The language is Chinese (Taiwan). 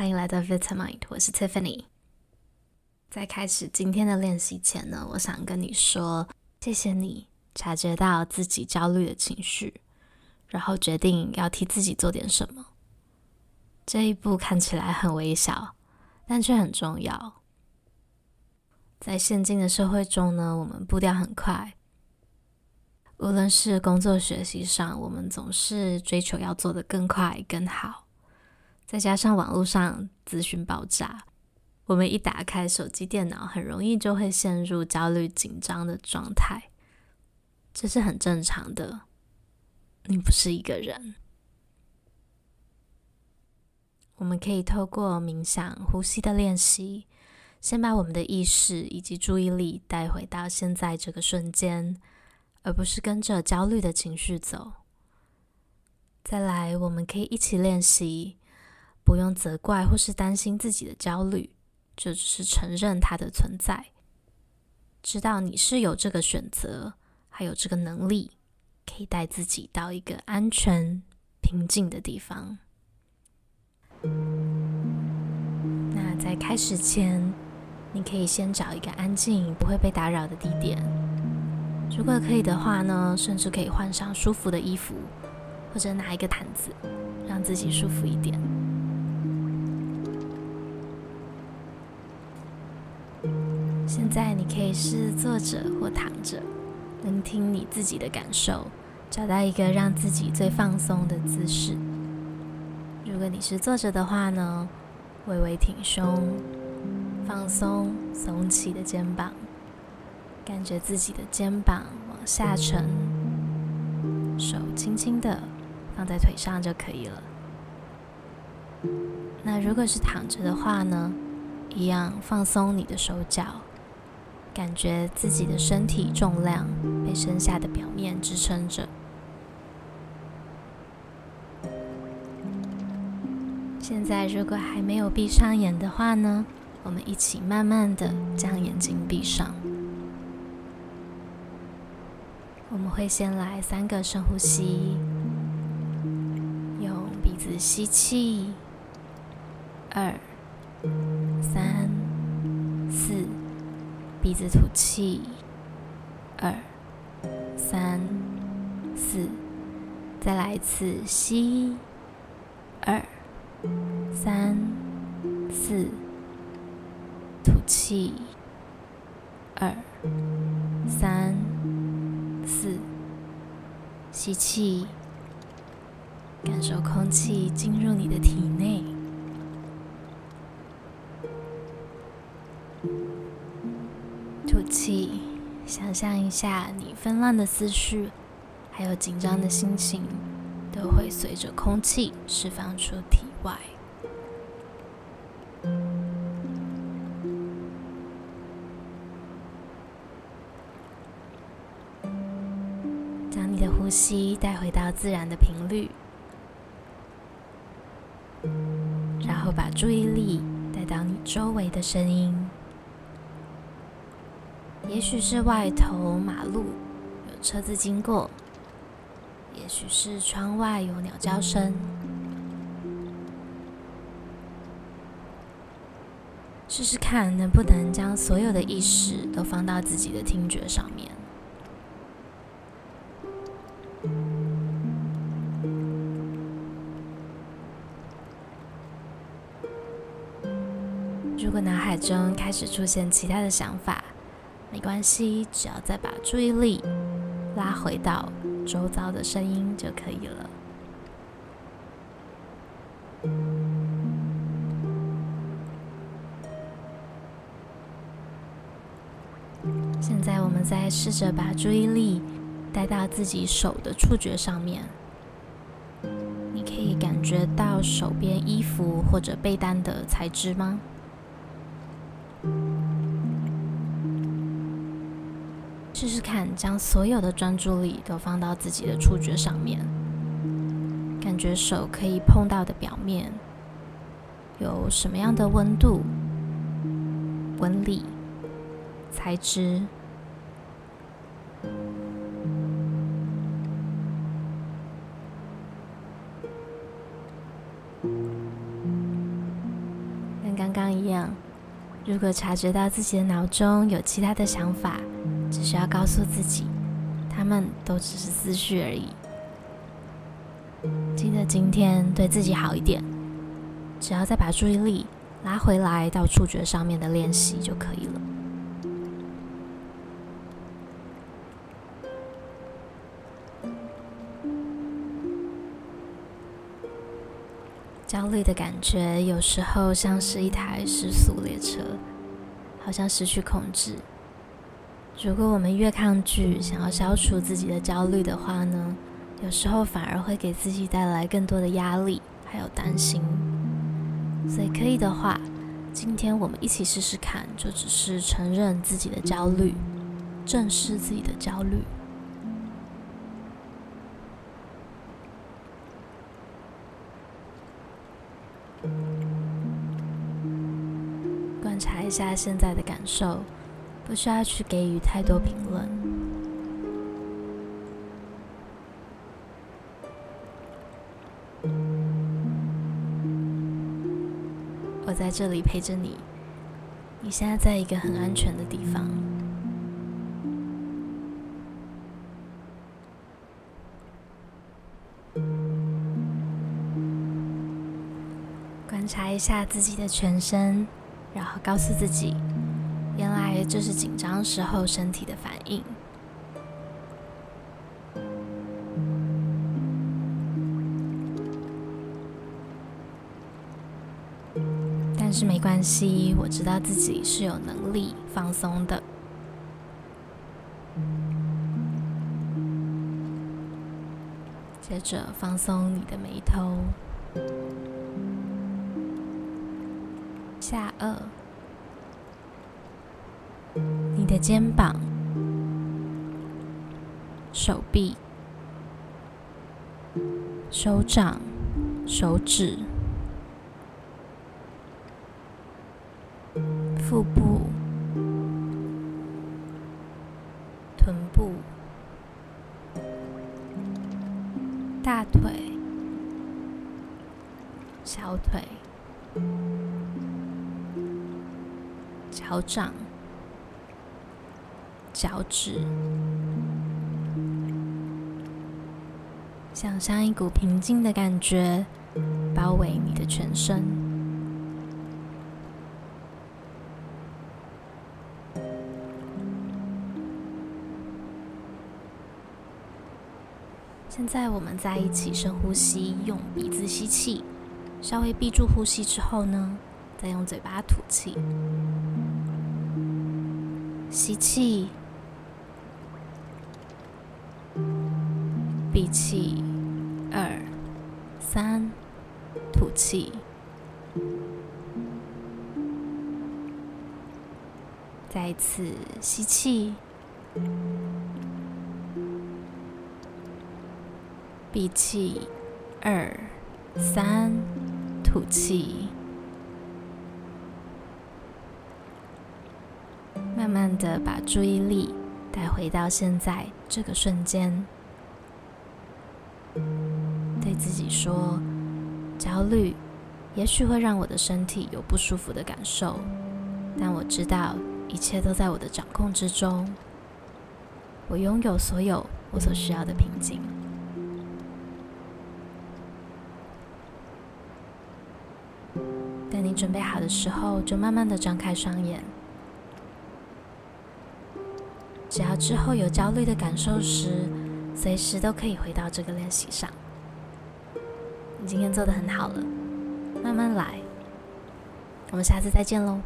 歡迎來到 Vitamin，我是 Tiffany。在開始今天的練習前呢，我想跟你說，謝謝你察覺到自己焦慮的情緒，然後決定要替自己做點什麼。這一步看起來很微小，但卻很重要。在現今的社會中呢，我們步調很快，無論是工作、學習上，我們總是追求要做得更快、更好。再加上網絡上資訊爆炸，我們一打開手機、電腦，很容易就會陷入焦慮、緊張的狀態，這是很正常的。你不是一個人，我們可以透過冥想、呼吸的練習，先把我們的意識以及注意力帶回到現在這個瞬間，而不是跟着焦慮的情緒走。再來，我們可以一起練習。不用責怪或是擔心自己的焦慮，就只是承認它的存在，知道你是有這個選擇，還有這個能力，可以帶自己到一個安全、平靜的地方。嗯。那在開始前，你可以先找一個安靜、不會被打擾的地點。如果可以的話呢，甚至可以換上舒服的衣服，或者拿一個毯子，讓自己舒服一點。你是坐着或躺着，聆聽你自己的感受，找到一個讓自己最放鬆的姿勢。如果你是坐着的話呢，微微挺胸，放鬆聳起的肩膀，感覺自己的肩膀往下沉，手輕輕的放在腿上就可以了。那如果是躺着的話呢，一樣放鬆你的手腳。感覺自己的身體重量被身下的表面支撐着。現在，如果還沒有閉上眼的話呢，我們一起慢慢的將眼睛閉上。我們會先來三個深呼吸，用鼻子吸氣，二三。鼻子吐氣，二三四，再來一次，吸，二三四，吐氣，二三四，吸氣，感受空氣進入你的體內。想象一下，你紛亂的思緒，還有緊張的心情，都會隨着空氣釋放出體外。將你的呼吸帶回到自然的頻率，然後把注意力帶到你周圍的聲音。也許是外頭馬路有車子經過，也許是窗外有鳥叫聲。試試看能不能將所有的意識都放到自己的聽覺上面。如果腦海中開始出現其他的想法，沒關係，只要再把注意力拉回到周遭的聲音就可以了。嗯。現在我們再試着把注意力帶到自己手的觸覺上面，你可以感覺到手邊衣服或者被單的材質嗎？試試看，將所有的專注力都放到自己的觸覺上面，感覺手可以碰到的表面有什麼樣的溫度、紋理、材質，像剛剛一樣。如果察覺到自己的腦中有其他的想法，只需要告訴自己，他們都只是思緒而已。記得今天對自己好一點，只要再把注意力拉回來到觸覺上面的練習就可以了。焦慮的感覺有時候像是一台失速列車，好像失去控制。如果我們越抗拒想要消除自己的焦慮的話呢，有時候反而會給自己帶來更多的壓力，還有擔心。所以可以的話，今天我們一起試試看，就只是承認自己的焦慮，正視自己的焦慮。觀察一下現在的感受。不需要去給予太多評論。我在這裡陪着你，你現在在一個很安全的地方。觀察一下自己的全身，然後告訴自己。這、就是緊張時候身體的反應，但是沒關係，我知道自己是有能力放鬆的。接着放鬆你的眉頭、下顎，的肩膀、手臂、手掌、手指、腹部、臀部、大腿、小腿、腳掌。腳趾，想象一股平靜的感覺包圍你的全身。現在我們在一起深呼吸，用鼻子吸氣，稍微閉住呼吸之後呢，再用嘴巴吐氣，吸氣。閉氣，二三，吐氣。再一次吸氣，閉氣，二三，吐氣。慢慢的把注意力帶回到現在這個瞬間。對自己說：“焦慮也許會讓我的身體有不舒服的感受，但我知道一切都在我的掌控之中。我擁有所有我所需要的平靜。”當你準備好的時候，就慢慢的張開雙眼。只要之後有焦慮的感受時，隨時都可以回到這個練習上。你今天做得很好了，慢慢來。我們下次再見嘍。